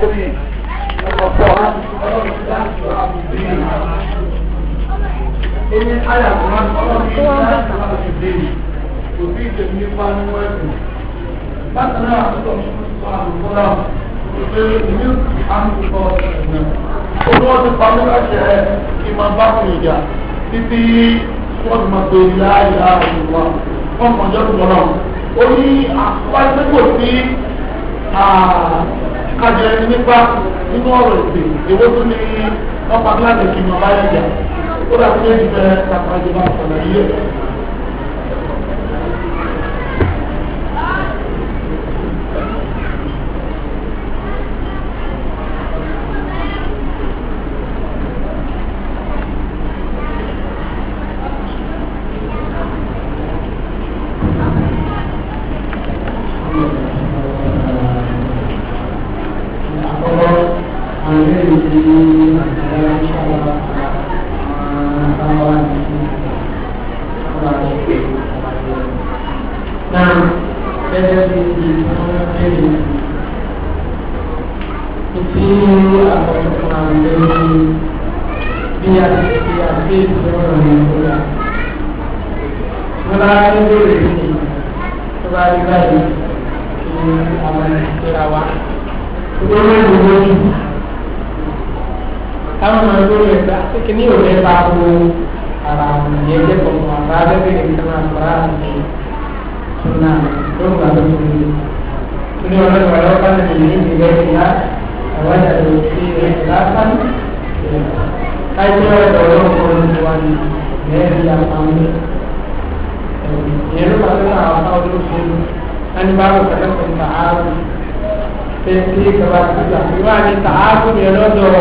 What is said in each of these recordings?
nítorí ọ̀pọ̀ ọlọ́run ti dáàbò àbò bí i. ó ní àyàwó ọlọ́run ti dáàbò àbò bí i. kò sí ìtẹ̀mí nípa nínú ẹ̀sìn. bákan náà àtúntò sọ àlùkọ́lá ìpè ìlú àmúkọ ìgbìmọ̀. olúwa ti pa mí láṣẹ kí n máa bá fún ìjà títí wọ́n ti máa pe ìyá ìyá ìwà wọ́n mọ̀ ọjọ́ tó lọ́wọ́. ó ní àpá ìpẹ́kọ̀ sí kájọ ẹni nípa nínú ọ̀rọ̀ ìpè èwo tó ní ọ̀pá gíláàsì kìnnìún ọ̀bá ẹ̀jà ó dàbí ẹ̀jẹ̀ pàtàkì bá sọ̀rọ̀ yìí náà gẹ́gẹ́ bí ìgbìmọ̀ ẹ̀rọ ìdí àwọn ìfọ̀n àgbẹ̀rẹ̀ bí a ti fi àti ìfọ̀rọ̀ nàìjíríà. Bọ́lá ń bèrè sí tó bá rí báyìí kí àwọn ìṣẹ́ra wa. Ìgbésẹ̀ ìgbésẹ̀ yìí táwọn máa ń lórí ẹgbẹ́ akékeré ní òun ẹ̀ bá wo ara àwọn ìyẹn jẹ́ kọ̀ọ̀kan àbá abẹ́bẹ̀rẹ̀ kí wọ́n máa fara àti sunnah yóò gbà tó fi ilé ọlọ́dún ọlọ́wọ́ bá ti lè ní ìbílẹ̀ ìyá àwọn ìdàgbò sí rẹ̀ lásán káyọ̀ ọ̀rọ̀ ọ̀rọ̀ wa ni bẹ́ẹ̀ bí àpamọ́ ìyẹn ló bá tó náà àwọn ọdún ṣe ẹni bá wò pẹ̀lẹ́ pẹ̀lú tààrù ṣe sí ìjọba síjà ìwà ni tààrù yẹn lọ́dọ̀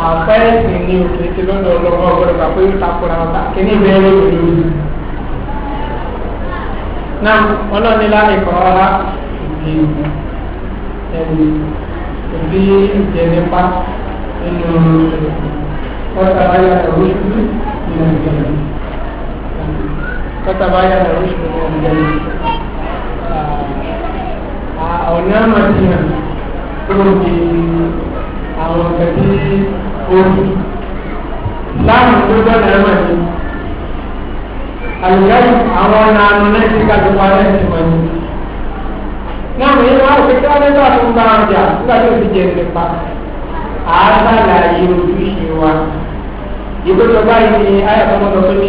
àpẹẹsì ni òkè ti lọ́dọ̀ ọlọ́wọ́ ọgbọ́dọ̀ gbà pé ó takora ọ̀tà kí ní ìbẹ̀rẹ̀ náà ọlọ́ni láì kọ́ ọ́ ẹni òbí ìjẹnipa nínú kọ́tàbáyà ẹ̀rọ́ṣù nínú ìjẹni kọ́tàbáyà ẹ̀rọ́ṣù nínú ìjẹni ọ̀nà àmàdìyàn tó àwọn àwọn ọ̀nà àánú lẹ́sìn kájú pa lẹ́sìn wọn ni. náà mi máa ń pèsè àwọn ẹgbẹ́ àti ọgbà ọjà nígbà tó fi jẹ ẹsẹ̀ pa. àádọ́là yìí ojúṣe wa. ìgbésọ̀ báyìí ni ayàtọ̀mọ́ lọ tó ní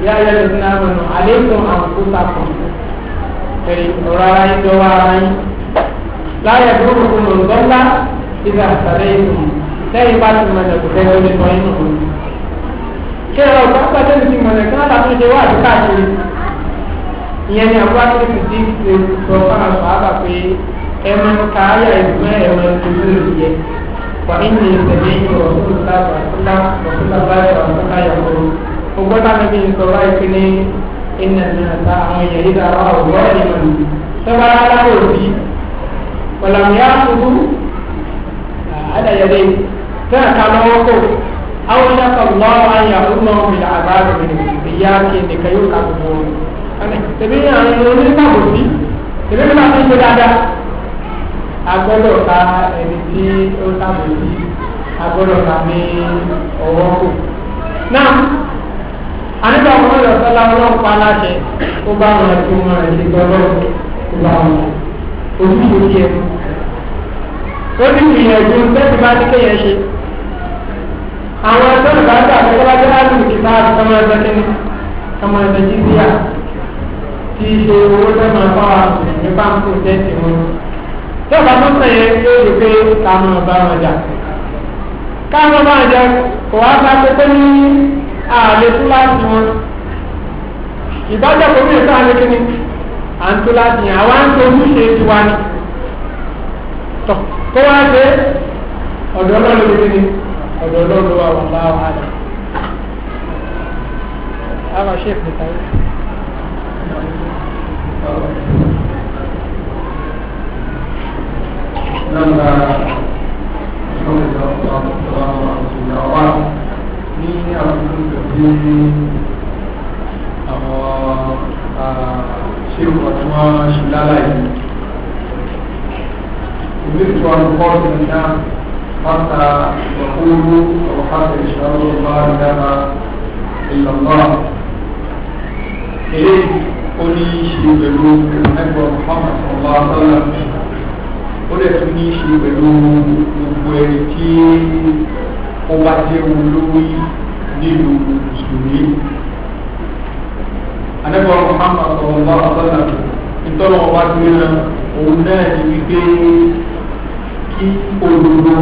ìyá ayẹyẹ lẹ́sìn náà mọ̀nà àlékún àkókò ọ̀rọ̀ ara yín jọ wá ara yín. láyà tó kò kò lọ́ńdọ́lá ìgbà àtàlẹ́yìn lẹ́yìn bá ti mọ̀ ṣé ẹ̀rọ ọ̀gá pàdé mi ti mọ̀lẹ̀ kí wọ́n tàbí ṣe wá àti káàkiri ìyẹn ni àbúrò àti ìdí ṣe sọ fún àwọn àbá pé ẹ máa ń ka ayà ìgbọ́ ẹ máa ń tẹ̀lé ìyẹ wà nínú ìṣẹ̀lẹ̀ yìí ọ̀sùn lábà ńlá ọ̀sùn lábà ẹ̀rọ ọ̀sùn láyà kó o gbọ́dọ̀ mi bí sọ báyìí pé ní iná ní àtà àwọn èèyàn yìí dára ọ̀rọ̀ ẹ̀ mọ̀ ní sọ́ba aláwọ̀ òbí ọ̀làmìyá kúrú àdàyẹ̀dẹ̀ tẹ́ awala kallahu an yahrumahu bil azabi min ìyá kéde kayo ka gbogbo wọn. tẹ̀bí àwọn ẹni onípa kò sí tẹ̀bí nípa tó ń gbé dáadáa. agbọ́dọ̀ ta ẹni tí ó sábò sí agbọ́dọ̀ ta ní ọwọ́ kù. náà àníbà wọn lọ sọlá ọlọ́run pa aláṣẹ ó bá wọn ẹtú wọn ẹtí gbọ́dọ̀ ó bá wọn ojú ìwé tiẹ̀. ó ní ìyẹ̀dùn bẹ́ẹ̀ ti bá ní kéèyàn ṣe àwọn ẹgbẹ́ ìbáṣà àtẹ́kọ́lájẹ́ láti ìta àtọ́mọ ẹgbẹ́ kínní ọmọ ẹgbẹ́ jíjíà tí í ṣe owó tẹ́mọ̀ ẹ̀fọ́ ní báńkì tẹ́sí wọn. tí ọ̀gá tó sàn yẹn yóò rí pé káwọn ọba wọn jà káwọn ọba wọn jà kò wá bá pépé ní ààrẹ túláàsì wọn ìbájọ́ kò ní ìta àlẹ́ kínní à ń túláàsì yẹn àwa ń tó ojúṣe tiwa ni. kó wá dé ọ̀dọ́ ọ̀dọ̀ olóòlù wa wà láwọn àlẹ́ àwọn ṣe ìpè tàyè. Nọ́mbà ìṣòwò ìjọba ìjọba ní àwùjọ ìjọba ní àwọn ṣéwù àti wọn ṣe lálàyé. Ìbí ìtura ń kọ́ ọ̀sẹ̀ náà. حتى يقولوا أو حتى يشهدوا الله إله إلا الله إليه قل شيء بلوغ نبوة محمد صلى الله عليه وسلم ó lè tún ní í ṣe pẹ̀lú gbogbo ẹni tí ó bá jẹ́ olówó nílùú mùsùlùmí. Àdẹ́gbọ́n Muhammad sọ̀rọ̀ bá ọ̀sán náà, ìtọ́nà ọba tó yẹn, òun náà ní wípé kí òdodo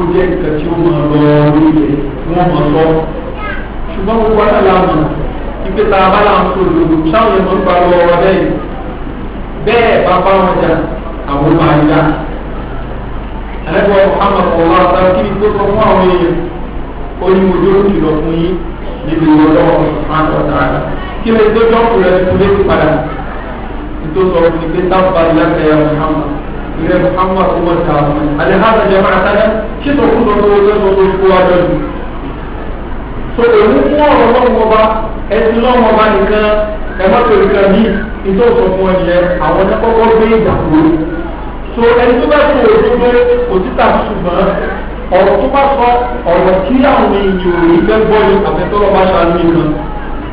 ó jẹ́ nǹkan tí ó máa lọ orí rẹ̀ wọ́n máa sọ. ṣùgbọ́n gbogbo ọ̀nà làwọn ìpè tá a bá là ń sọ òdodo sáwọn yẹn máa ń gba lọ ọ̀rọ̀ bẹ́ẹ̀ bẹ́ẹ̀ bá bá wọn jà àwọn máa ń yá. àlẹ́kọ̀ọ́ Muhammad ọ̀la ọ̀la kí ni tó sọ fún àwọn èèyàn ó ní mo dúró kìlọ̀ fún yín níbi ìwọ́lọ́wọ́ máa ń tọ́ tààrà kí ni tó jọ́ kù rẹ̀ tó lé padà nítorí sọ fún mi pé táwọn bá yá kẹ́yà Muhammad ìrẹ́ muhammad tó wọ́n ta alihasa jama àtàlẹ́ kí tó kú lọ́wọ́ lọ́wọ́ tó kú wá lọ́wọ́ so èmi mú ọ̀rọ̀ lọ́wọ́ bá ẹtì lọ́wọ́ bá nìkan ẹ̀mọ́tò nìkan bí ìtò òṣòfò ọ̀nìyẹ àwọn ẹ̀kọ́kọ́ gbé ìjà kúrò so ẹni tó bá tó òdodo òtítà ṣùgbọ́n ọ̀rọ̀ tó bá sọ ọ̀rọ̀ kí àwọn èèyàn ò rí gbẹ́gbọ́ ni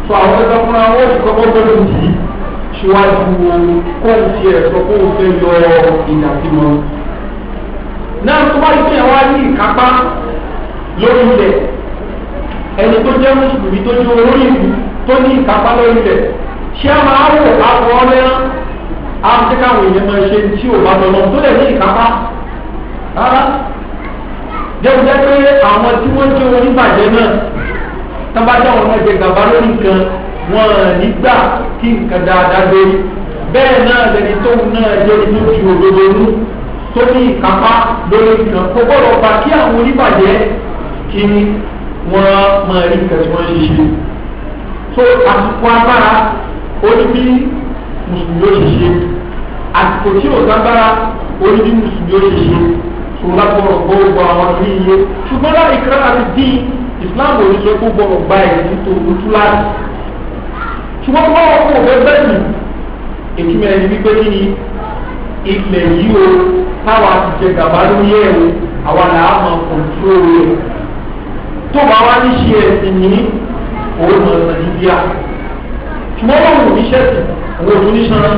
so àwọn ẹ̀ka fúnra wọn ò sì síwájú kóun ti ẹ̀ sọ kóun fẹ́ lọ ìdàbímọ. náà tó bá yẹ wá ní ìkápá lórí ilẹ̀ ẹni tó jẹ́ mùsùlùmí tó jẹ́ olórí ìlú tó ní ìkápá lórí ilẹ̀ ṣé a máa wò àwọ̀ ọlẹ́rán áfíríkàwò èèyàn máa ṣe tí ò bá lọ́nà tó lẹ̀ ní ìkápá rárá jẹ́wọ́jẹ́ pé àwọn tí wọ́n jẹ́ oníbàjẹ́ náà tábàjẹ́ àwọn ọmọ ẹgbẹ́ lórí nǹkan wọn nígbà tí nǹkan dáadáa lórí bẹ́ẹ̀ náà lẹni tóun náà jẹ́ inú ju òdodo nú tó ní ìkápá lórí nǹkan kó gbọ́dọ̀ gbà kí àwọn oníbàjẹ́ kí wọ́n máa rí nǹkan tí wọ́n ṣe ṣe tó àsìkò agbára ó ní bí mùsùlùmí ó ṣe ṣe àsìkò tí ò lágbára ó bí mùsùlùmí ó ṣe ṣe tó lágbọ̀rọ̀ gbogbo àwọn ní iye ṣùgbọ́n láì kíláàsì dín Islam ò ní sọ gbogbo ọ̀gbà ẹ̀ ṣùgbọ́n tó bá wọn kó òfé bẹ́ẹ̀ nù ẹni wípé kí ni ilẹ̀ yìí o táwa ti jẹ gàba lórí ẹ̀ o àwa là á mọ kòtúrò rẹ̀ tó bá wá ní ṣe ẹ̀sìn ní òun mọ̀ ọ̀sán níbíà ṣùgbọ́n wọn ò ní ṣẹ̀sìn òun ò ní ṣan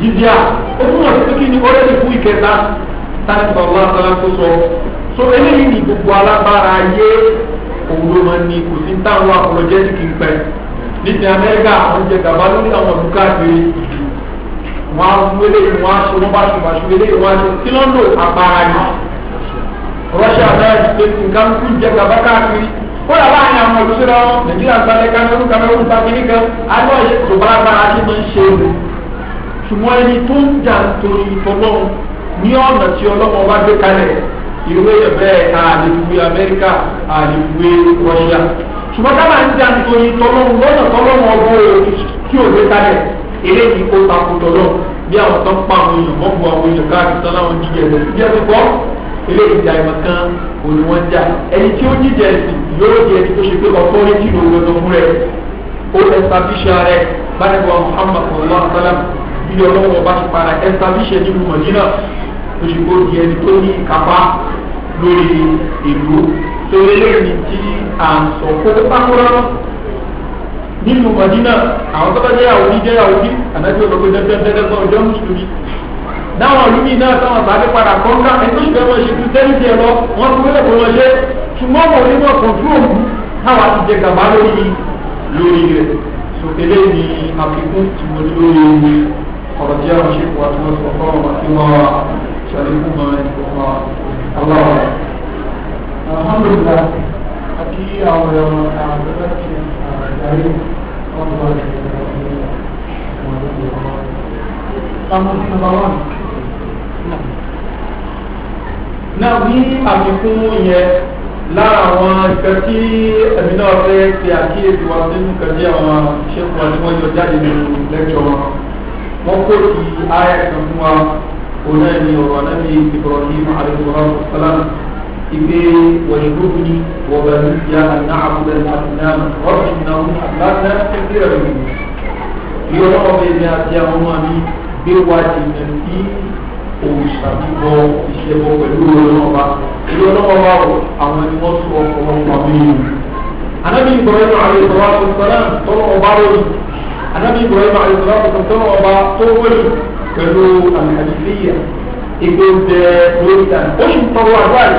jizia ó túmọ̀ sí pé kí ni ọ̀rẹ́ ti kú ìkẹta táyà bàbá àtàlà tó sọ so eléyìí ni gbogbo alábára ayé òun ló máa ní kò sí táwọn àpọ̀lọ́jẹ́ ti kì í pẹ́ ní ti amẹ́ríkà àwọn jẹ gàba lórí àwọn ọdún káàkiri wọn á mú eléyìí wọn á ṣe wọn bá ṣe wọn ṣe eléyìí wọn á ṣe kí ló ń lò àpárá ni rọ́ṣà náà ti ṣe nǹkan kú jẹ gàba káàkiri kódà báyìí àwọn ọdún síra wọn nàìjíríà gbalẹ̀ kamẹ́rú kamẹ́rú gbàgbé kan alẹ́ ọ̀yẹ́ kò bá bá a ti ṣe é ṣùgbọ́n ẹni tó ń jà torí ìtọ́lọ́ ní ọ̀nà tí ọlọ́mọ bá gbé kalẹ̀ ìwé ẹ̀bẹ́ àlèfúwe amẹ́ríkà àlèfúwe rọ́ṣà ṣùgbọ́n ká máa ń jà nítorí tọ́lọ́mù lọ́nà tọ́lọ́mù ọgbọ́n òòrùn tí o lè kalẹ̀ eré yìí kó takò tọ́lọ́ bí àwọn tó ń pa àwọn èèyàn mọ́bù àwọn èèyàn káàkiri tán láwọn jíjẹ ẹ̀sìn bí ẹ̀sìn kọ́ eré ìjà ìmọ̀ kan òní wọ́n jà ẹni tí ó jíjẹ ẹ̀sìn yóò di ẹni tó ṣe pé ọ̀tọ́rìtì ló gbọdọ̀ fún rẹ̀ ó ẹ̀sàbíṣà rẹ̀ bánibọ̀ muhammad sallallahu alayhi wa sallam bí ọlọ́wọ́ bá ti para ẹ̀sàbíṣà nínú mọ̀dínà tó ṣe kó di ẹni tó ní ìkápá torí eléyìí tí à ń sọ kó pákúrọ́ nínú mọ̀dínà àwọn tó bá jẹ́ àwọn oníjẹ́ àwọn oní àdájọ́ ọ̀dọ́gbẹ́ dẹ́gbẹ́dẹ́gbẹ́ ọjọ́ mùsùlùmí dáwọn olùmí náà táwọn tàbí padà kọ́ńtà ẹgbẹ́ ìgbẹ́ wọn ṣe kìrìtẹ́nìtì ẹ̀ lọ wọn kú lẹ́kọ̀ọ́ wọn ṣe ṣùgbọ́n wọn ní wọn kò fún òun táwa ti jẹ gàba lórí lórí rẹ̀ so eléyìí ni àfikún tí mo ní lórí ọ̀rọ̀ tí àwọn ṣe kọ́ àti wọn sọ fọ́ ọmọ tí wọ́n ṣàlékún mọ́ ẹ̀kọ́ wa aláwọ̀ alhamdulillah àti àwọn ọmọ àgbẹ̀rẹ̀ ti àjàrí ọmọ ìgbẹ̀rẹ̀ a ìgbẹ̀rẹ̀ náà ní àfikún yẹn lára àwọn ìkẹ́ tí ẹ̀mí náà fẹ́ ṣe àkíyèsí wa nínú kẹ́bí àwọn ṣẹ́kùn àti wọ́n jọ jáde nínú lẹ́kṣọ̀ wọn wọ́n kó ti ayẹ̀kan fún wa òun náà ni ọ̀rọ̀ náà ní Ibrahim alayhi wa sallam ipe wàlúùbí wọ̀bẹ̀lú ya àná àbúlé àtúnáàmù ọ̀rọ̀ ìnáwó àbáta kékeré rẹ̀ bí ọlọ́wọ́ bẹ́ẹ̀ ni àti àwọn ọmọ mi gbé wá jìnnà sí òòṣà bíbọ ìṣẹ́bọ pẹ̀lú ọlọ́wọ́ba ìlú ọlọ́wọ́ba àwọn ẹni wọ́n sọ ọ̀pọ̀lọpọ̀ mímu. anábì ìbọ̀rẹ́ náà àlè ìbọ̀rẹ́ àti ìbọ̀rẹ́ tọ́wọ́ ọba lórí anábì ìbọ̀rẹ́ náà àlè ìbọ̀rẹ́ tọ́wọ́ ọba tó wọlé pẹ̀lú àmì àdìsíyà ìgbẹ́ bẹ́ẹ̀ lórí ìdáná ó sì ń tọrọ àgbáyé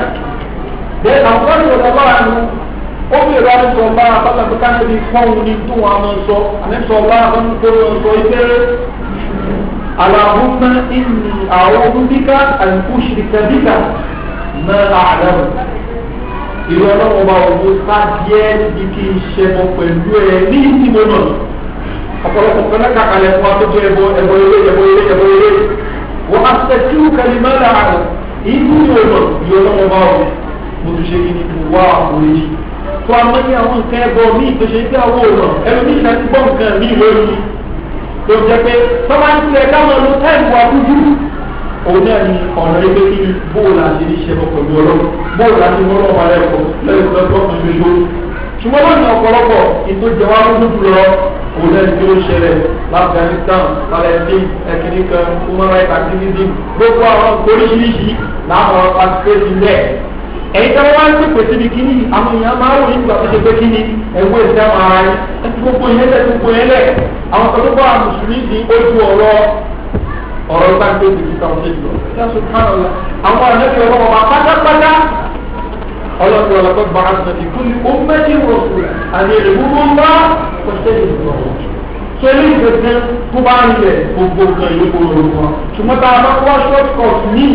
bẹ́ẹ̀ àbúrò ìrọ̀lẹ́ ọlọ́run àánú ó bí ìrọ̀lẹ́ sọ bá abáta tó káńtẹ́ bí pọ́ùn ní tó wọn máa ń sọ àmẹ́sọ bá abáta tó wọn sọ ibẹ̀ aláhùnmá ìní àwọn olùdíkà àìkú ṣìkàdíkà náà àdáwò ìrọ̀lẹ́ wọn bá wọn bá díẹ̀ níbi kí n ṣe mọ pẹ̀lú ẹ ní ìdìbò náà ọ̀pọ̀lọpọ̀ fẹ́lẹ́ kàkàlẹ̀ fún akójọ ẹbọ ẹbọ eré ẹbọ eré ẹbọ eré wọ́n á tẹ̀síwù kalimẹ́lá àrùn ìdí ìrọ̀lẹ́ ìrọ̀lẹ́ wọn bá wọn mo tún ṣe kí ni mo wá àforíjì tó a mọ̀ ní àwọn nǹkan ẹbọ mi tó ṣe pé àwọn òòrùn ẹnu mi ìṣàtí gbọ́ nǹkan mi lórí tó jẹ pé tọ́ba ń tilẹ̀ dáwọn ló táìpù wa dúdú òun náà ni ọ̀rọ̀ ẹgbẹ́ kí ni bóòlù àti iṣẹ́ bọ̀ pẹ̀lú ọlọ́run bóòlù àti mọ́lọ́ ọ̀pá rẹ̀ kọ́ lẹ́yìn tó lọ́kàn ṣoṣo ṣùgbọ́n lọ́nà ọ̀pọ̀lọpọ̀ ètò ìjọba lójú jùlọ òun náà ni ó ṣẹlẹ̀ l'Afghanistan Palestine ẹ̀kìnní kan human rights activism gbogbo àwọn oríṣiríṣi láwọn pàṣípẹ́sì lẹ́ẹ̀ ẹ̀yin tí wọ́n wá ń pèpè síbi kíní àwọn èèyàn máa wò nígbà tó ṣe pé kíní ẹ̀wọ́ ìdá ara rẹ̀ ẹtí gbogbo yẹn lẹ̀ gbogbo yẹn lẹ̀ àwọn kan tó bá wà mùsùlùmí di ojú ọ̀rọ̀ ọ̀rọ̀ gbàgbé ìdìbò táwọn ṣe lọ. àwọn àlejò ọlọ́wọ́ máa pátápátá ọlọ́dún ọlọ́dún bá a sọ̀rọ̀ ìkúlù ọmọdé rọ̀sùn àti ìrìnwó ńlá ọ̀sẹ̀ ìgbọ̀. sẹ́lẹ̀ ìgbẹ̀sẹ̀ tó bá ń lẹ̀ gbogbo kan yìí kò rọrùn wọn. ṣùgbọ́n tá a bá wá ṣọ́ọ̀kọ̀ọ̀tù ní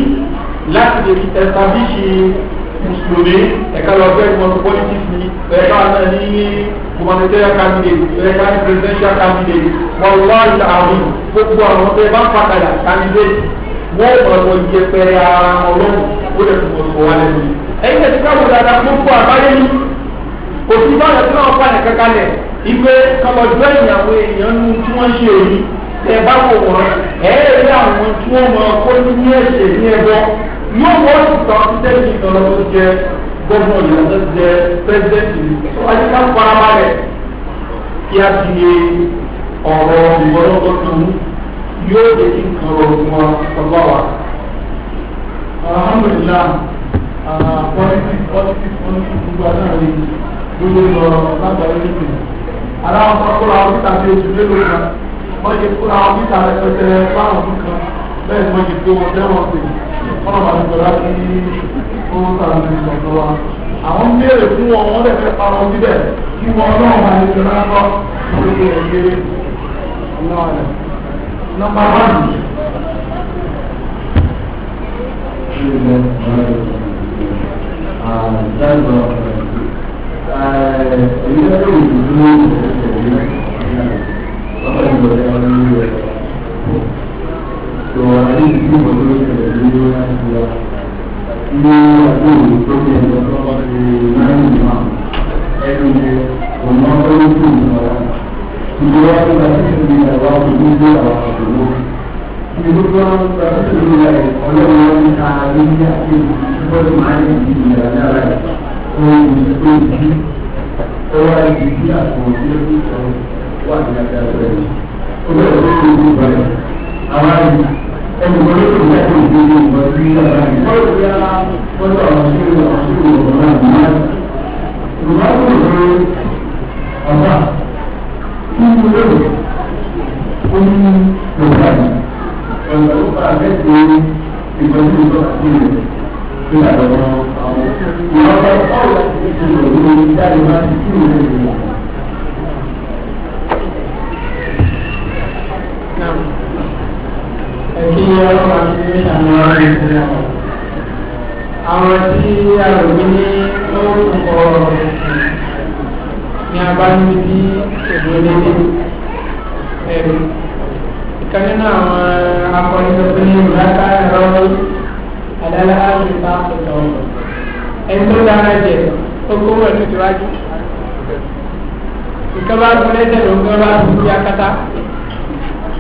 láti lè fi ẹ̀sàbíṣe mùsùlùmí ẹ̀ka lọ fẹ́ ìmọ̀tò politics ni ẹ̀ka náà ní humanitarian candidate ẹ̀ka ní presidential candidate wọn wá ìlà àrùn gbogbo àwọn tẹ bá pàtàkì candidate wọn ọ̀rọ̀ ìjẹpẹrẹ ara ọlọ́run ó lè fún mọ̀tò wa lẹ́nu. ẹ̀yin tẹ̀sí káwọn dáadáa gbogbo àbáyé ni òsì báyọ̀ tí wọ́n pàdé kankan lẹ̀ ìgbé kọlọ̀dọ́ ìyàwó èèyàn nu tí wọ́n ṣe èyí tẹ̀ bá wò wọ́n ẹ̀ẹ́dẹ́ àwọn tí wọ́n mọ̀ kó ní ní ẹ̀ṣẹ̀ ní ẹ̀bọ yóò wọ́n ti tọ́ sẹ́yìn ìtọ́lọ́ tó jẹ gómìnà yìí tó jẹ pẹ́sidẹ́ntì yìí tó wáyé ká farabalẹ̀ kí a ti yé ọ̀rọ̀ ìwọ́lọ́gbọ́ kan yóò lè ní nǹkan ọ̀rọ̀ wọn ọgbà wa. alhamdulilah politics politics politics gbogbo aláàrin lórí lọ látàrí nìkan aláwọ̀ kọ́kọ́ làwọn títà bí oṣù mélòó kan o ti kó làwọn títà rẹpẹtẹ fáwọn nǹkan bẹ́ẹ̀ ni wọ́n ti gbé wọn ọlọ́mọ àdìgbọ́lá kí ó sàrò ní ìṣọ̀tọ̀ wa àwọn béèrè fún wọn wọn lẹ́fẹ̀ẹ́ parọ́ síbẹ̀ kí wọn náà máa ní ìṣọ̀tọ̀ lọ́kọ́ lórí ẹgbẹ́ náà rẹ̀ nọ́mbà wáàdì. Thank you tó àdéhùn tí mo lè ṣẹlẹ̀ ní àṣìlá ní àdéhùn tó fi ẹ̀jọ̀ tó bá fi náírà ìmọ̀ ẹni ní ọ̀nà ọ̀rọ̀ tó ń bọ̀ ìjọba tó bá ti ṣe ní àwọn àkókò tó àwọn àkókò ìdókòwò tó bá ti ṣe ní ọlọ́run wọn ta di ìyàrá náírà tó ń tó ń jí ọwọ́ ìdí àkókò tó ń wà ní àgbà rẹ̀ ó bẹ̀rẹ̀ àwọn àyè ẹni kò ní kòtò láti ìdílé ìgbà tí wọn ti rí ọ̀rọ̀ àyè.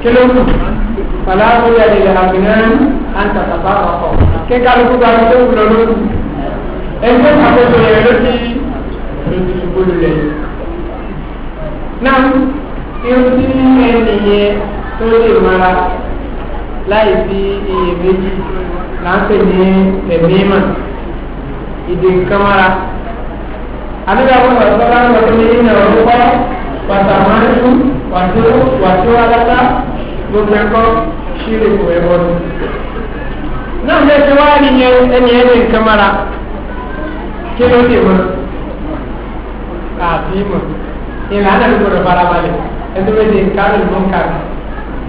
kílódù fàlàbù yàrá ìlà àbìnrin àǹtà bàbá àpapọ̀ kí kálukú bá tó ń lọ lórí ẹgbẹ́ ìṣàkóso yẹn ló ti lòdìdìbò lulẹ̀ náà irun tí ẹni yẹn tó lè mara láì sí iyèméjì là ń pè ní tẹ̀míìmà ìdè nǹkan mara àdúrà wọn lọ sọ́dọ̀ àwọn ọmọdé ní ìnáwó kọ́ pàtàkì wàtí wàtí wàlátà gbogbo ẹ̀kọ́ ṣírí kò ẹ̀bọ ni. náà ní ẹsẹ̀ wá rí yẹn ẹni ẹni nǹkan mara kí ló dé mọ́ àti mọ́ ìrìn àná ló gbọdọ̀ farabalẹ̀ ẹni wọ́n di nǹkan ló mọ́ nǹkan.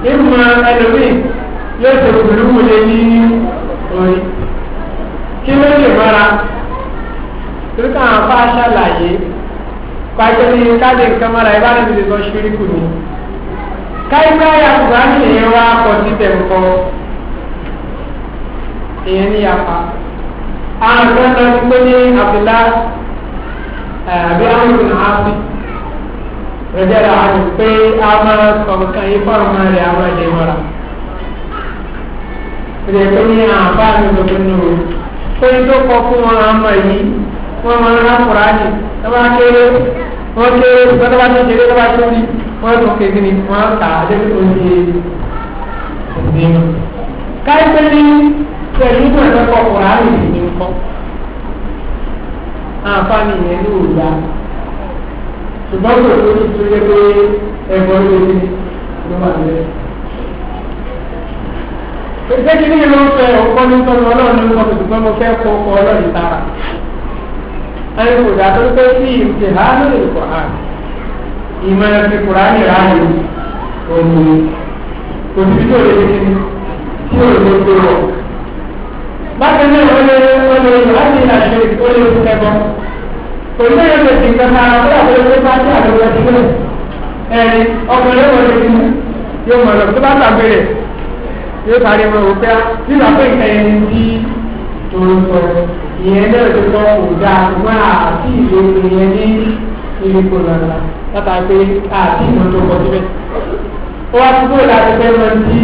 ìmọ̀ ẹlòmíì yóò sọ̀rọ̀ pẹ̀lú wọlé ní orí kí ló dé mọ́ra torí káwọn afá ṣàlàyé pàjọ́ ní káde nǹkan mara ìbára mi lè lọ ṣírí kù káyíká ya kùránì lèyẹn wá kọ síbẹ̀ ńkọ èyàn ní yapa àwọn kan lọ sí pé ní abdullá àbí àwọn ìlú náà fi rẹjẹ rà wọn pé a máa kọ nǹkan yìí fọlọmọ rẹ a máa lè wọra rẹ pé ní àǹfààní lóbi nù o pé tó kọ fún wọn àmọ yìí wọn máa ń rà kùránì tó bá kéré wọn kéré tó bá tó kéré tó bá tó rí wọ́n tún ké kí ni wọ́n ta adébí oye ìdènà. káyọ̀pẹ́ ní pẹ̀lú ìgbọ̀nsẹ̀ kọ̀ kùránì ní nǹkan. àǹfààní yẹn ní òòlà. ṣùgbọ́n kò tó ní tó yẹ pé ẹ̀gbọ́n ló ní ló wà lẹ́yìn. Ṣé kí ni ìlú fẹ́ ọkọ ní sọ́nù ọlọ́run ní ọkọ̀ ṣùgbọ́n mo fẹ́ kọ́ ọkọ̀ ọlọ́run sára? Ẹni kò dà tó pé sí ìmùtẹ̀ hánú ìkọ̀ hánú ìmọ̀ ẹ̀sìn kùránì ráàyè òní kò sí tó lè ṣe tí ò lè tó rọ̀. bákan náà ó lè ó lè láti ìlànà ó lè fún ẹbọ kò ní ẹ̀rọ lè fi nǹkan máa kó àpò ẹgbẹ́ bá tí àlọ́ wọ́n ti gbé ẹni ọkùnrin yóò lè fi mú yóò mọ̀ lọ tó bá gbàgbére yóò parí wọn ò pẹ́ nínú àpò ìkẹyìn tí tòun sọ ìyẹn náà tó tọ́ kò dáa ṣùgbọ́n àti ìlú ìyẹn ní ilé kó lọ́la láta pé àti ìmọ̀ tó kọ síbẹ̀. ó wá dúró láti fẹ́ lọ sí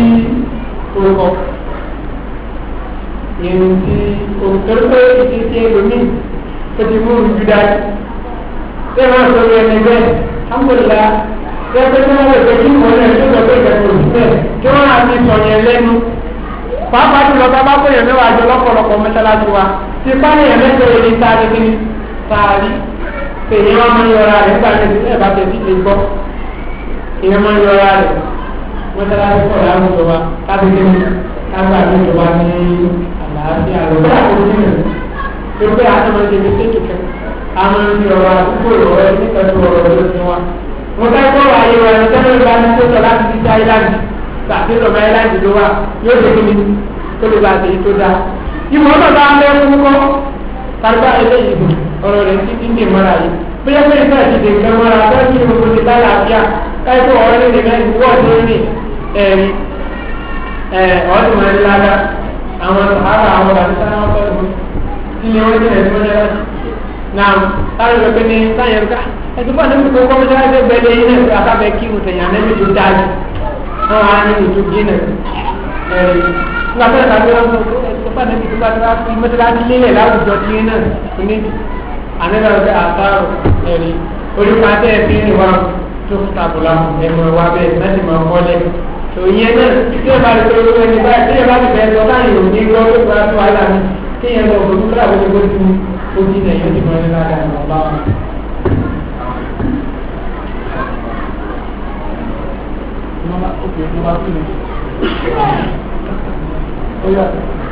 orúkọ ìrìn tí òtítọ́ pé ìdí ti ẹlòmíì ó ti mú ojú dájú. ṣé wọ́n sọ yẹn ní bẹ́ẹ̀ ámúlá ṣé pé wọ́n lè fẹ́ kí wọ́n lè tó lọ́gbẹ́ ìgbàgbọ́ òṣìṣẹ́ kí wọ́n á ti sọ yẹn lẹ́nu. pàápàá jùlọ bá bá pé yẹn mẹ́wàá jọ lọ́pọ̀lọpọ̀ mẹ́tàlá ti wa ti pààyàn mẹ́tẹ̀ẹ̀rẹ̀ ní sáà èyí máa ń yọra rẹ̀ nígbà tí ẹ bá tẹ̀ sí ti gbọ́ èyí máa ń yọra rẹ̀ mọ́tàláyé pọ̀ láwùjọ wa láti dé mi lágbà àwùjọ wa ní àlàáfíà rẹ̀ bí àkókò nínú tó pé àtúmọ̀ ṣe fi ṣe kìkẹ́ àwọn yọra àdúgbò ìrọ̀rẹ́ nípasẹ̀ ọ̀rọ̀ ló ti wá. mo fẹ́ kọ́ wa yẹ wẹ̀rẹ̀ tẹ́lẹ̀ bá ní tó sọ láti fi ṣe tàbí lọ́mọ kárìbá ẹgbẹ́ ìdìbò ọ̀rọ̀ rẹ̀ ti ti ń dè mọ́ra yìí bóyá pé ìfẹ́ ti dè nǹkan mọ́ra bẹ́ẹ̀ ni gbogbo ti bá làáfíà káyọ̀ ọ̀rọ̀ ní nìkan ìwọ́ ọ̀dọ́ ní ọ̀dùn máa ń lára àwọn sàárà àwọn àdìsá náà fẹ́ mú kí ni wọ́n ti rẹ̀ fún ẹ náà táwọn ìlú pé ní sáyẹn ń ká ẹtù bá níbi kókó mọ́tò láti gbẹ́lẹ̀ tó dájú náà á ní ìtújú náà nígbà tó ń ta nípa níbi tó bá ti wá fi mọ́tíláṣí lélẹ̀ láwùjọ tí náà ní ànílẹ̀ ọ̀dẹ àtàrò ẹ̀rí orípa tẹ́ ẹ fi rìn wá tó tàbùlà ẹ̀mọ̀ wa bẹ́ẹ̀ láti máa kọ́lẹ̀ tó yẹn náà tí ẹ bá ti tó lórí ẹni báyìí tí ẹ bá ti bẹ̀ẹ́ sọ báyìí ò ní gbọ́ tó bá tó wáyà mi tí ẹ lọ òfin kúrò àwọn ìwé tu ojú ilẹ̀ yóò ti mọ ẹni lára ẹ̀ lọ́ba wọn. Oh yeah.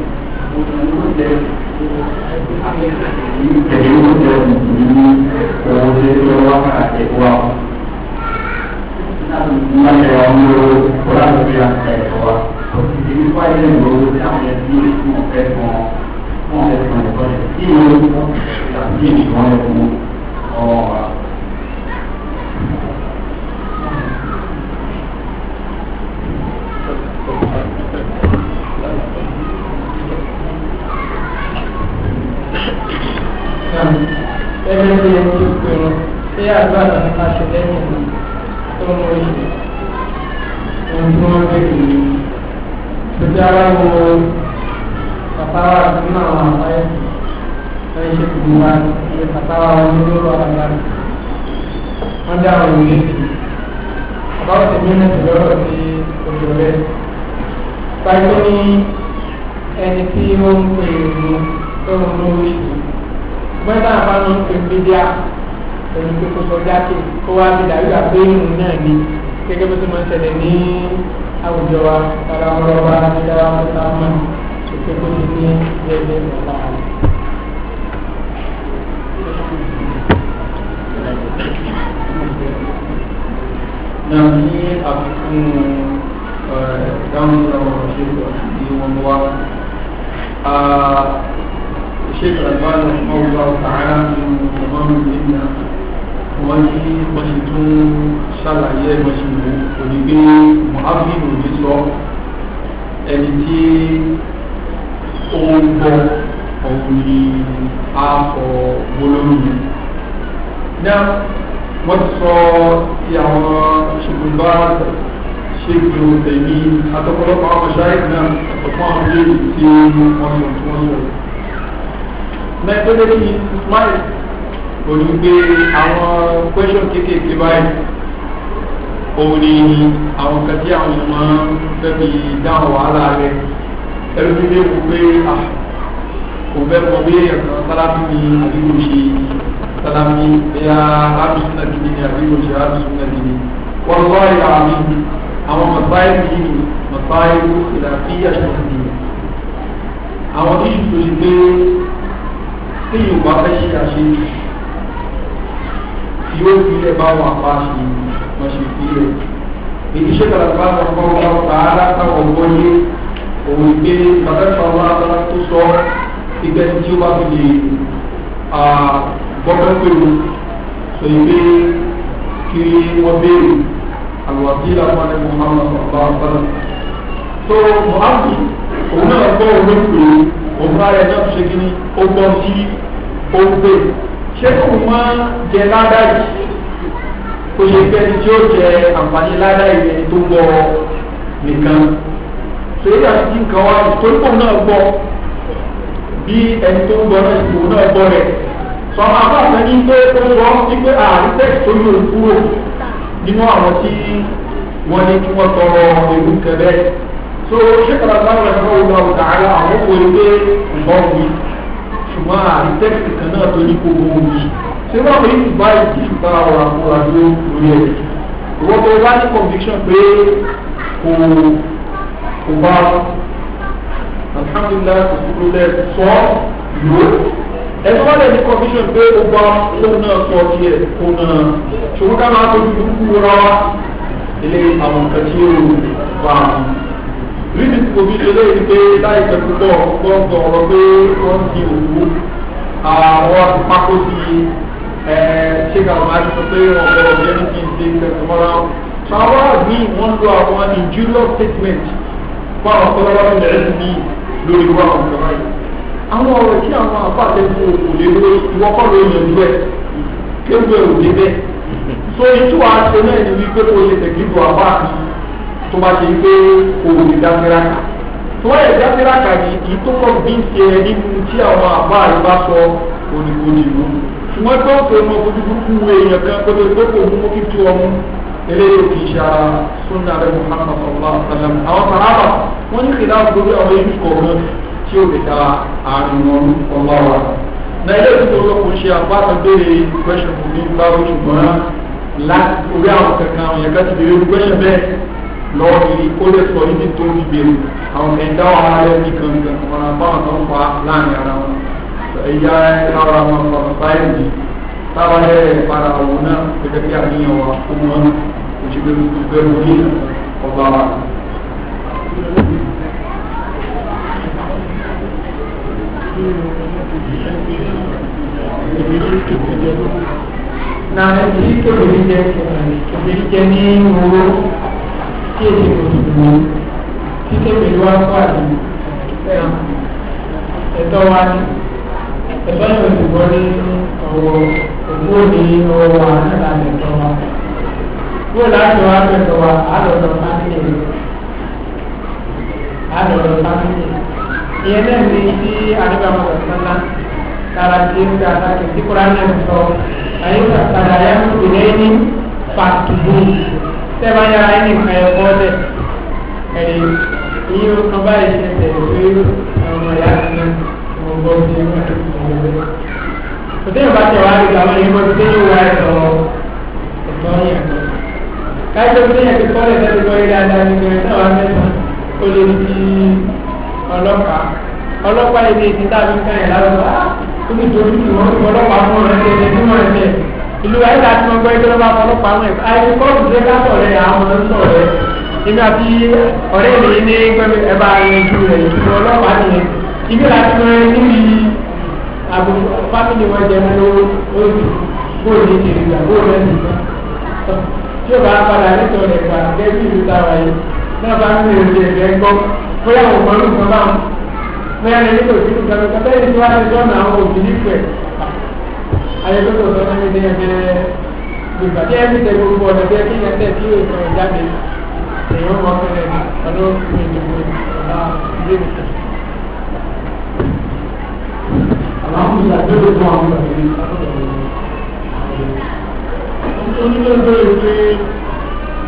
Amém. dákẹ́ kó wá fi dàgbà pé ìmù náà ni gẹ́gẹ́ bí ó ti máa ń ṣẹlẹ̀ ní àwùjọ wa tara ọ̀rọ̀ wa tara ọ̀rọ̀ tá a mọ̀ ṣùgbọ́n kó ti ní ẹgbẹ́ ọ̀la náà ní àfikún ìdáhùn eh, ìdáhùn ṣe pọ̀ sí wọn wá ṣe pẹ̀lú àwọn ọmọ ọgbà ọ̀tàrà ọmọ mi nínú wọ́n ní wọ́n ṣe tún ṣàlàyé ẹ̀mọ́ ṣe wò kò ní pé mohammed ò ní sọ ẹni tí ó ń bọ̀ ọ̀hún ni a fọ gbólóhùn yẹn. náà wọ́n ti sọ ti àwọn ṣègùn bá ṣègùn tẹ̀mí àtọ́pọ̀lọpọ̀ àwọn ṣáìdì náà ọ̀pọ̀ àwọn ilé tí wọ́n sọ tí wọ́n sọ. náà ìpínlẹ̀ kí máì olùgbé àwọn question kéékèèké báyìí òun ni àwọn kan tí àwọn èèyàn máa ń fẹ́ fi dáhùn wàhálà rẹ̀ ẹ̀rù mi lè wò pé kò fẹ́ mọ bí èèyàn kan sálábì ní àdúgbò ṣe sálábì ẹ̀yà ábìsùn náà gidi ní àdúgbò ṣe ábìsùn náà gidi wọ́n lọ́ ìyá mi àwọn mọ̀sáì yìí ni mọ̀sáì ìlàfíà ṣọ̀tì àwọn iṣu tó ṣe pé tí Yorùbá fẹ́ ṣe àṣeyọrí yóò fi ilẹ̀ bá wọn apá ṣe wọn ṣe fi ilẹ̀ èyí ṣe kàlà bá wọn kọ́ wọn bá alákàwọ̀ wọlé òun gbé bàbá wọn abala tó sọ ìgbẹ́ tí ó bá fi lè gbọ́dọ̀ pé o sọ ìgbé kí wọ́n béèrè àwọn àti ìlànà wọn máa ń sọ bá wọn bá tó mohammed òun náà gbọ́ òun pé òun bá rẹ̀ náà ṣe kí ni ó gbọ́ sí ó ń pè é ṣé kò wọ́n jẹ ládàá yìí kò ṣe pé ẹni tí ó jẹ àǹfààní ládàá yìí ẹni tó gbọ́ nìkan ṣèyí àti tí nǹkan wá nítorí pòun náà gbọ́ bí ẹni tó ń gbọ́ náà ìpòun náà gbọ́ rẹ̀ sọmọ abáfẹ́ ní pé ó sọ wípé ààrùn tẹ̀sí tó yóò kúrò nínú àwọn tí wọ́n ní kí wọ́n tọrọ ìlú kẹbẹ́ so ṣé kàlàkà rẹ̀ fọwọ́ ìgbà ọ̀tà àrà àwọn òwe pé ìbọn wí ṣùgbọ́n àrítẹ́kì kan náà tó ní gbogbo omi ṣé wọ́n pè ní bá ìdíjú bá wa kó wa ló lórí ẹ̀ ìwọ́n pé wá ní conviction pé kò kò bá alhamdulilayi kò sí lórí ẹ̀ sọ lò ẹ̀sùn wọ́n lè ní conviction pé ó bá òun náà sọ tiẹ̀ kó náà ṣùgbọ́n ká máa tóbi dúkú rárá ilé àwọn nǹkan tí rídì tí mo fi ṣe lẹ́yìn pé láì pẹ́ púpọ̀ wọ́n sọ ọ̀rọ̀ pé wọ́n ti òkú àwọn pákó ti ṣé kàwọn máa sọ pé wọ́n bẹ̀rẹ̀ jẹ́ ní kí n ṣe ìṣẹ̀kùn mọ́ra ṣàwọn àgbì wọ́n lo àwọn injurious statement fún àwọn tó lọ́wọ́ ilẹ̀ ẹ̀sìn ní lórí wọn àwọn ọ̀rọ̀ yìí àwọn ọ̀rọ̀ tí àwọn àbáṣe fún òkú lè lórí ìwọ́kọ̀ ló yẹn lú ẹ̀ kéwù ẹ̀ ò dé bẹ́ẹ̀ so ìtú àṣẹ náà ni wípé kò lè tẹ̀gbìn bọ̀ àbá mi tó bá ti gbé òun ìdásíráka tó bá yẹ ìdásíráka ni kì í tó kọ́ bí ń ṣe nínú tí àwọn àbá rẹ̀ bá sọ òdìbòdìbò ṣùgbọ́n tó ń fẹ́ mọ fojú burúkú èèyàn kan pẹ̀lú pé kò mú fífi ọmú eléyìí kì í ṣe ara sunna rẹ̀ muhammad sallallahu alaihi wa sallam àwọn sàrábà wọ́n ní kìlá gbogbo àwọn èyí kọ̀ọ̀kan tí ó lè ta àrùn wọn ọlọ́wà na ilé ìdókòwò kò ṣe àpá àgbèrè question fún mi bá ṣùgbọ́n láti orí àwọn kankan àwọn yẹn ká ti bèrè question bẹ́ẹ̀ lọ́wọ́ kiri kó lè sọ níbi tó ti bèrè àwọn de ara rẹ̀ ní kankan wọn àbáwọn tó ń fa láàrin ara wọn ẹ̀yà ara wọn fa báyìí táwa ẹ̀ para òun náà gẹ́gẹ́ bí àníyàn wa fún wọn òṣìṣẹ́ ìbẹ̀rù ní ọba wa. na ẹni tí kébìrì jẹ kébìrì jẹ ní ìwúrò tí èdè kò sì mọ́ kí kébèrè wá fún àdé ẹ̀tọ́ wa ni ẹ̀tọ́ yóò sì gbọ́ ní ọ̀wọ́ òkú òní ọwọ́ wa nígbà ẹ̀tọ́ wa wọ́n láti wá pẹ̀tọ́ wa àlọ́dọ̀ fámìlì àlọ́dọ̀ fámìlì ìyẹn náà ní tí àdébàmọ̀ sọ́nà tara tí ó ga láti tí kúránà sọ àyíká padà yá ń pè lẹ́yìn pàtùbù tẹ́lá ní ara ẹni kan ẹ̀kọ́ ọ̀dẹ̀ ẹ̀rí iye kan báyìí ṣe tẹ̀lé pé ọmọ ìyá ti ní mo gbọ́ sí ẹ̀kọ́ ọ̀dẹ̀. òtẹ́ ìbá tẹ̀ wá nígbà wọn ìbọn tí ó wá ẹ̀tọ́ ẹ̀tọ́ yẹn. káyọ̀ tó yẹ kí kọ́lẹ̀ tẹ́lẹ̀ kọ́ ilé ada ní kẹrẹ náà wá mẹ́ta ó lè di ọlọ́pàá ọlọ́pàá ilé ti tá a fi kàn yẹn lárúbá ó ti dorí ìwọ́n ọlọ́pàá fún ọ̀rẹ́ ìlú ayé láti mọ gbọ́ ẹgbẹ́ lọ́ba ọlọ́pàá àwọn ẹ̀fọ́ ayé kọ́ọ̀tù tó dá sọ̀rọ̀ ẹ̀ àwọn ọ̀rẹ́ sọ̀rọ̀ ẹ̀ èmi àti ọ̀rẹ́ mi ní gbẹ́mi ẹ̀bá ẹ̀jú rẹ̀ ìṣòro ọlọ́pàá nìyẹn ibi láti mọ ẹni níbi àgbo fámìlì wọn jẹ mọ oṣù bóòlù ìṣèlú ìgbà bóòlù ẹ̀sìn tí ó bá padà nítorí rẹ̀ gbà gẹ́gẹ́ ìlú táwa yìí náà bá ń rìn rìn rẹ̀ gbọ́ bóyá òun mọ̀ ní nǹkan tó ayẹyẹgbẹ́tọ̀ tó ní ní ẹgbẹ́ ìgbà tí ẹni tẹ gbogbo ọ̀nà bí ẹni tẹ tí yóò sọ ìjáde èèyàn mọ fẹrẹ ní ọdún ìdìbò ọba ilé ìtẹ. àwọn ìyá tó lè fún àwọn ọmọ ìlú onídọ́gbẹ́rẹ́ pé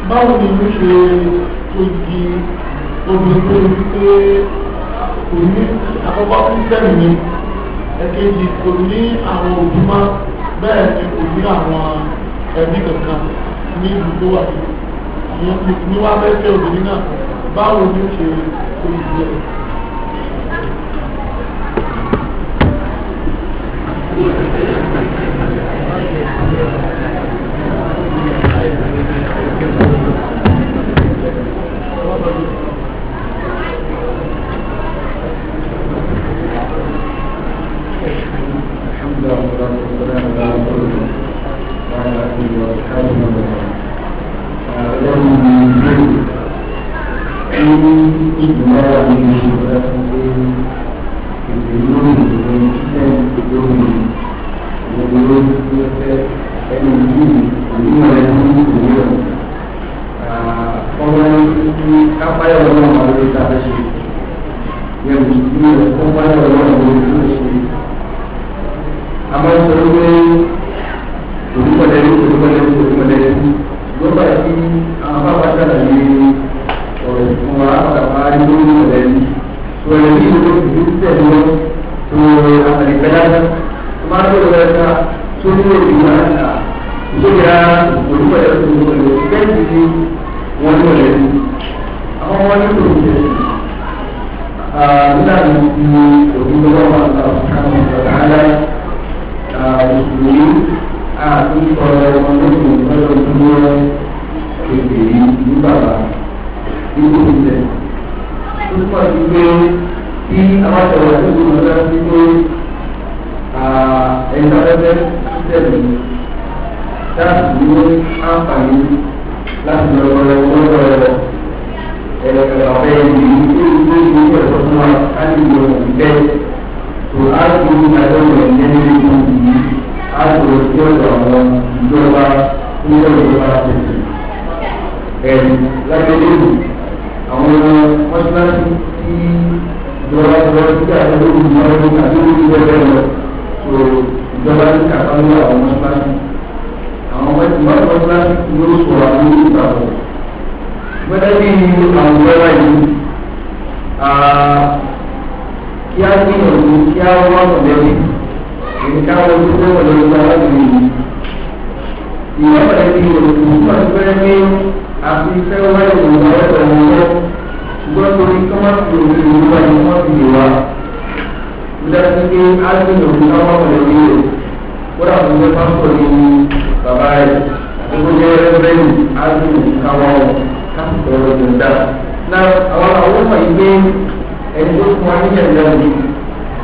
báwo ni mo ṣe ojì obìnrin tó ń pé kò ní àkọ́kọ́ fún sẹ́mi ẹ̀kejì kò ní àwọn òjúmọ́ bẹ́ẹ̀ ni kò ní àwọn ẹbí kankan ní ìlú tó wà ní wọ́n fẹ́ fẹ́ obìnrin náà báwo ni ó ṣe olùdíẹ̀ láǹfààní láti lọ lọ lọ́dọ̀ ọ̀fẹ́ ìlú tó ń gbé ní ẹ̀sọ́ fún wa láti lọ ìfẹ́ tó á tó ń gbàdọ̀ rẹ̀ lẹ́nu ìlú yìí á tó sí ọ̀dọ̀ àwọn ìjọba ní ọ̀dọ̀ ìjọba tẹ̀sí. ẹ̀rù lágbẹ́lẹ́ ìlú àwọn mọ́ṣáláṣí tí ìjọba ìjọba tí àti olóògùn náà ló ń gbàdúrà ìjọba lọ ìjọba ní kàkọ́ ní àwọn mọ́ṣáláṣí àwọn ìbáwọ̀ láti yóò sọ̀rọ̀ àwọn ìbáwọ̀ gbẹ́dẹ́ bí àwọn ìbáwọ̀ yìí kí á gbìyànjú kí á wá mọ̀lẹ́bí èyí ká wọ́n tó wọ́n mọ̀lẹ́bí aláàbìnrin yìí ìyá mọ̀lẹ́bí yìí wọ́n ti fẹ́ ní àfi fẹ́ wáyé òun àwọn ọ̀rọ̀ wọn ṣùgbọ́n torí kí wọ́n fi òun ìlú wa ni wọ́n fi lè wá gbẹ́dẹ́ bí á gbìyànjú ká wá mọ̀lẹ́bí yìí bàbá rẹ̀ gbogbo jẹ́ rẹ́bẹ̀rẹ́nì ádùn káwọ́ káàkiri ọ̀rọ̀ tó ń dá. na àwọn àwọn ọmọ yìí gbé ẹni tó fún wa níyàn yà wò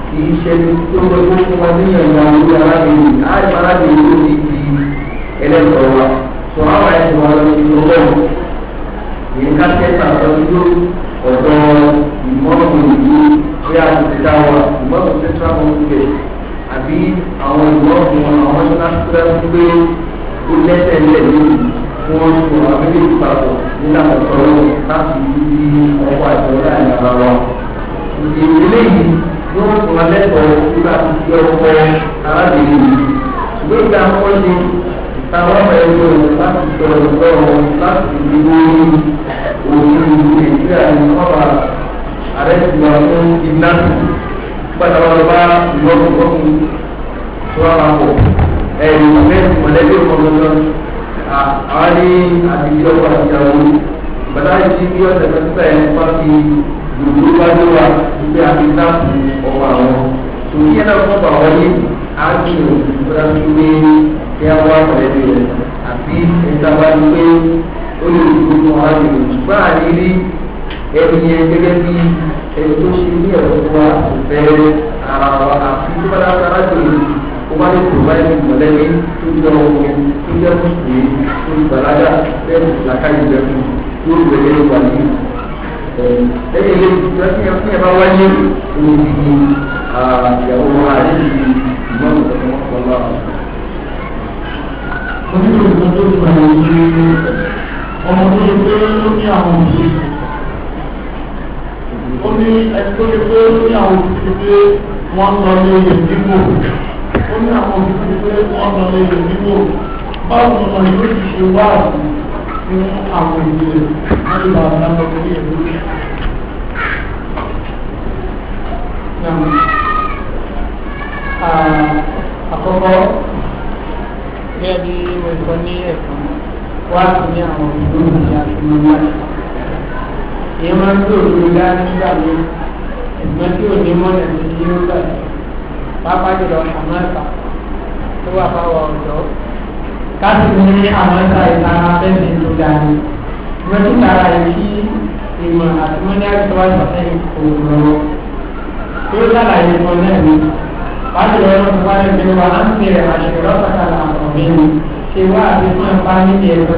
kì í ṣe tó gbé tó fún wa níyàn yà wò ní arábìnrin àìmọ arábìnrin ló ti di ẹlẹ́tọ̀ọ́ wa sọ àwọn ẹ̀sìn wa lọ sí ọgbọ́n yìí ká tẹ́tà lọ sí ọ̀dọ́ ìmọ̀ọ́mù yìí bí a ti dá wa ìmọ̀ọ́mù tẹ́tà wọn gbé àbí àwọn ìmọ̀ọ́mù àwọn ṣọ́nà tó dá ó lẹ́sẹ̀ lẹ̀ lórí kí wọ́n tó àwọn méjèèjì papọ̀ nígbà tó lọ láti yí ọkọ̀ àti ọ̀rẹ́ àyàrá wa. ìdílé yìí ló ń sọ lẹ́tọ̀ọ́ nígbà tó ti ọkọ̀ arábìnrin yìí. ìwé ìgbà wọn ni táwọn ọmọ ẹgbẹ́ òun láti sọ ìgbọ́rọ̀ láti ìlú òun nàìjíríà ní ọ̀rọ̀ ààrẹ ti wà fún ìdílé náà. gbàdáwọ̀ lọ́ba ìlú ọ̀gbọ̀n tó wà wà pọ̀ ẹ̀rù mọ̀lẹ́bí ọ̀pọ̀lọpọ̀ àwọn ní àtijọ́ ọkọ àtìyàwó bàtà ìdí bí ọ̀sẹ̀ pẹ́pẹ́ wá fi gbogbo bá dé wa wípé a fi sáàpù ọkọ̀ àwọn tòun yẹn náà fún ọkọ̀ àwọn yìí á kí o ìfúra fi wé kí á wá mọ̀lẹ́bí rẹ̀ àti ìtawá ni pé ó lè fi gbogbo wọn á lè bá a lè rí ẹni yẹn gẹ́gẹ́ bí ẹni tó ṣe ní ẹ̀rọ wa fẹ́ ara àfi tó bá dára jù lọ ó wá ní provide mọ̀lẹ́bí tó jẹ́ ọmọ tó jẹ́ mùsùlùmí tó ń gbàlágà bẹ́ẹ̀ làkàyè lẹ́kùn tó ń gbẹ̀lẹ́ wà ní. lẹ́yìn ilé ìtura tí yẹn fún yẹn bá wáyé òun ti ìyàwó ààrẹ yìí ìmọ̀ ìtọ́sọ́mọ́sọ́lá. oníṣòwò tó tó ti ó ní àwọn òbí pé wọ́n lọ lè rẹ̀ nígbò báwo ọmọ yóò ti ṣe wá fún àwọn ìdílé láti bá ọ̀dà lọ sí ẹ̀rọ àkọ́kọ́ gẹ́gẹ́ bí mo sọ ní ẹ̀kan wá sí ní àwọn ìlú ní àfihàn wáyé ìyẹn máa ń tó òdòdó dá nígbà mi ẹ̀gbọ́n tí ò ní mọ́lẹ̀ ní yóò gbà pàápàá jùlọ àmọ́ta tó wà báwọ̀ ọ̀dọ́ káàtì mú ní àmọ́ta ìtara fẹ́mi tó ga ni wọ́n ti tara yìí kí ìmọ̀ àti mọ́ní àgbẹ̀wá ìfọ̀sẹ́yìn kò lọ́wọ́ tó sàlàyé fún náà ni wàá jùlọ ọ̀rọ̀ tó wáyé pé wà á ń tẹ̀rẹ̀ àṣẹ̀rọ̀ pàtàkì àkọ́bí ni ṣe wá àti fún ẹ̀fá níbi ẹ̀fọ́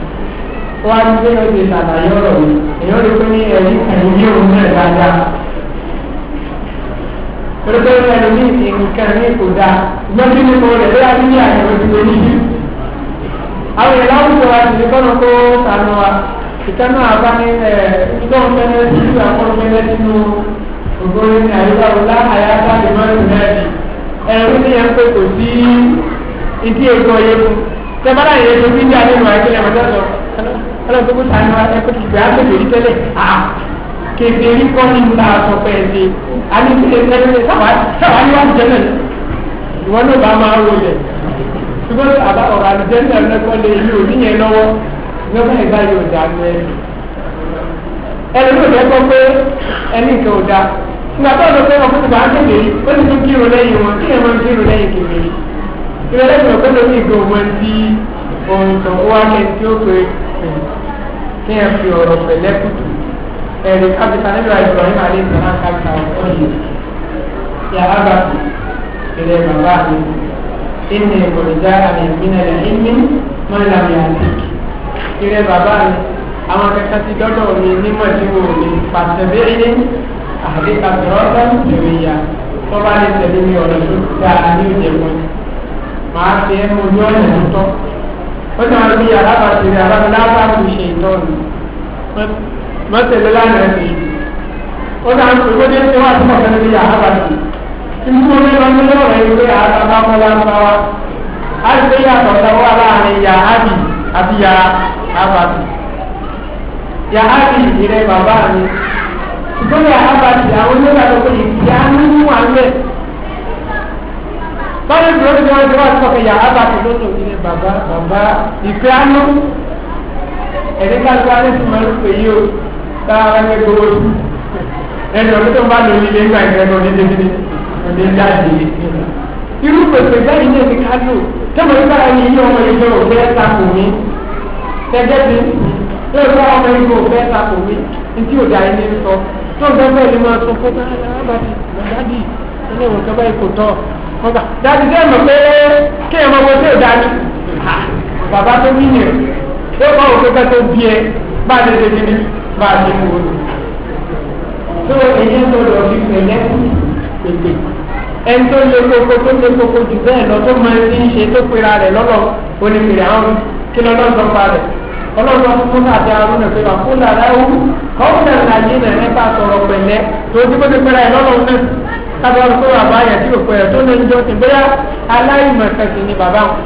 tó wá ní pé ó ti ṣàlàyé ọ̀rọ̀ mi èèyàn lè pé ní ẹ̀yìn ẹ̀yìn yóò ń bẹ̀rẹ̀ dáadáa. Pẹ̀lú pé ẹni ní nǹkan ní kò dáa, ìgbọ́n kí ni mo rẹ̀ lé àbí ní àyẹ̀wò ti lè níbi. Àwọn èèyàn láwùjọ wa ti lè kọ́nà kó sànù wa. Ìtẹ́nu àbá ní ẹ̀ ìtọ́wọ́ fẹ́lẹ́ sí ìlú àkọ́rọ́ fẹ́lẹ́ sínú ògbóni ní àyíkáwò láhàyà bá lè má lè Ẹ̀rú ni ẹ̀ kò sí ìdí ọlọ́run tó kó sáré wa ẹ kó kìkì á lè bèrè tẹ́lẹ̀ à kèké rí kọ́ ní nta sọ pé ẹ ṣe á ní kí ẹ tẹ́lẹ̀ sábà sábà ní wàá jẹ́ náà ìwọ náà bá máa wọ yẹ ṣùgbọ́n àbá ọ̀rọ̀ àlùjẹ́ náà lẹ́kọ́ lé yìí ò níyẹn lọ́wọ́ lọ́wọ́ ìgbà yóò dá ní ẹni ẹni ló lẹ́kọ́ pé ẹni kan ò dá nígbà tó lọ pé ọkùnrin bá ń tẹ̀lé ó ti tún kírun lẹ́yìn wọn kí ẹ máa ń kírun lẹ́yìn kìnìún ìrẹ́lẹ́sìn ọ̀pẹ́ lórí ìgbà òun ẹni tí òun kan ó wá kẹ́ni tí ó pé kí ẹ fi ọ̀rọ̀ pẹ̀lẹ́ kùtù ẹ̀rí kápẹ́tà nígbà ìbùrọ̀yìn àlẹ́ ìsọ̀rọ̀ kápẹ́tà ọ̀yẹ̀ yàrá bàtì ìrẹ̀ bàbá mi ìnì ìkòrìjà àmì ìpínlẹ̀ ìní mọ́lá mi àti ìrẹ̀ bàbá mi àwọn akẹ́kọ̀ọ́ ti dọ́dọ̀ mi nímọ̀ tí mo lè pàṣẹ bẹ́ẹ̀ ní àdéka tọ́lá ìrìyà tọ́ba lè tẹ̀lé mi ọ̀rọ̀ tó dáa ní ìjẹ̀mọ́ màá fi ẹ́ mo yọ ọ̀nà tó tọ́ ó ti máa bí alábàáṣe rẹ̀ alábàáṣe ṣe ìtọ́nù mọ́tẹ̀lẹ́ lánàá ti ó dáa ní ìwé dé ṣe wá sí ọ̀fẹ́ níbi alábàáṣe nígbà wọn lọ ní lọ́rọ̀ yìí pé àtàbàmọ́ lánàá á ti ṣe yàtọ̀ sáwọ́ láàrin ìyá ábì àti ìyá ábàáṣe ìyá ábì ìrẹ́ bàbá mi ṣùgbọ́n ìyá ábàáṣe àwọn onígbàgbọ́ pé ìyá nínú wọ́n ti wá sọ pé yàrá bàtì lótò ní ní bàbá bàbá ìfẹ́ àánú ẹ̀rí kájú wa ní sùnmọ́ ló pè yí o tá a rẹ́ gbogbo sí ẹni ọdún tó ń bá lò nílé ńgbà ìrẹ́nu onílé ní ọdún jáde irú pèsè bẹ́ẹ̀ ní ẹ̀rí kájú tẹ́lẹ̀ nígbà yẹn ní ọmọ ìjọ òfé ẹ̀ta kò ní tẹ́jẹ́ ti lóò fọ́ ọmọ ìjọ òfé ẹ̀ta kò ní ntí òdà dájú kí ẹ mọ̀ pé kí ẹ mọ̀ pé tí ò dájú bàbá tó bí yẹn ó bá òkè bẹ́ẹ̀ tó bí ẹ bá a lè ṣe kíni bá a lè wò ó. tó ẹyẹ tó lọ sí pẹ̀lẹ́ pèpè ẹni tó lé koko tó lé koko jù bẹ́ẹ̀ lọ tó máa ń ṣe tó pera rẹ̀ lọ́lọ́ onípèrè àwọn kí lọ́lọ́dọ̀ pa rẹ̀ ọlọ́run ọdún fún àti arúgbó pé wà fún làlá ewu kọ́ńtà nàìjíríà ẹ̀ bá sọ̀rọ̀ pẹ̀lẹ́ tó ti kó ti pera ẹ̀ lọ́lọ́run náà kábọ̀rù pé bàbá yẹn tí òpin ẹ̀ tó lè ń jọ sí bóyá aláìmọ̀kan sì ni bàbá wọn.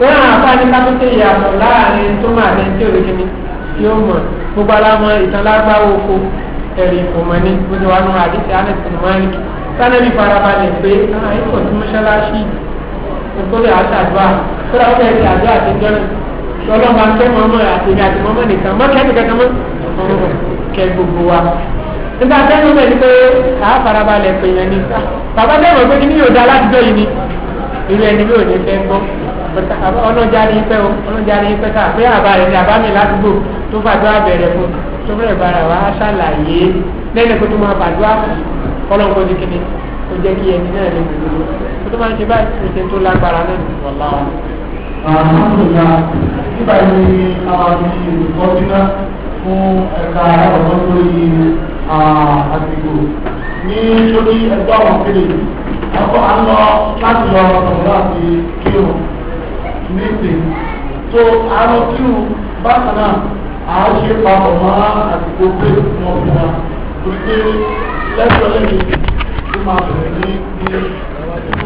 pé àwọn àbá ní kápẹ́tẹ́ ìyàtọ̀ láàrin tó máa ní tí òde kìíní tí ó mọ̀ gbogbo alámọ̀ ìtàn lágbáwó oko ẹ̀rì ìfòmọ̀ ní ah, gbogbo wa nù àdìsí anẹ́sìn mọ́rin sanẹ́bí farabalẹ̀ pé àìkọ̀ tí mọ́ṣáláṣí ìkórè àtàdúrà kódà ó bẹ̀rẹ̀ sí àdúrà àti jọ́nà lọ́lọ́mọ akẹ́mọ́mọ́ àti ìgbà nígbà tẹ́lẹ̀ bẹ́ẹ̀ ni pé kà á farabalẹ̀ pè yẹn ni ah, bàbá dẹ́rọ̀ pé kí ni yóò da aládùúgbò yìí ni irú ẹni yóò ní fẹ́ gbọ́ ọlọ́jà ní ìfẹ́ o ọlọ́jà ní ìfẹ́ ká pé àbá rẹ̀ ni àbá mi ládùúgbò tó fàdúrà bẹ̀rẹ̀ fún tó bẹ̀rẹ̀ bára wa á ṣàlàyé lẹ́yìn kó tó máa fàdúrà kọ́lọ́ńkó ní kíni ó jẹ́ kí ẹni náà lè dúró kó tó máa ń ṣe báyìí ṣe tó lágbára náà wọ̀lá wọn àsìkò ní lórí ẹgbẹ́ àwọn kéde ẹ̀kọ́ à ń lọ láti lọ ọ̀rọ̀ láti kírun ní ìsìn tó àárọ̀ kírun bákan náà à ń ṣe papọ̀ mọ́ àsìkò pé wọ́n fún wa torí pé lẹ́sọ̀ lẹ́yìn tó máa bẹ̀rẹ̀ ní ilé.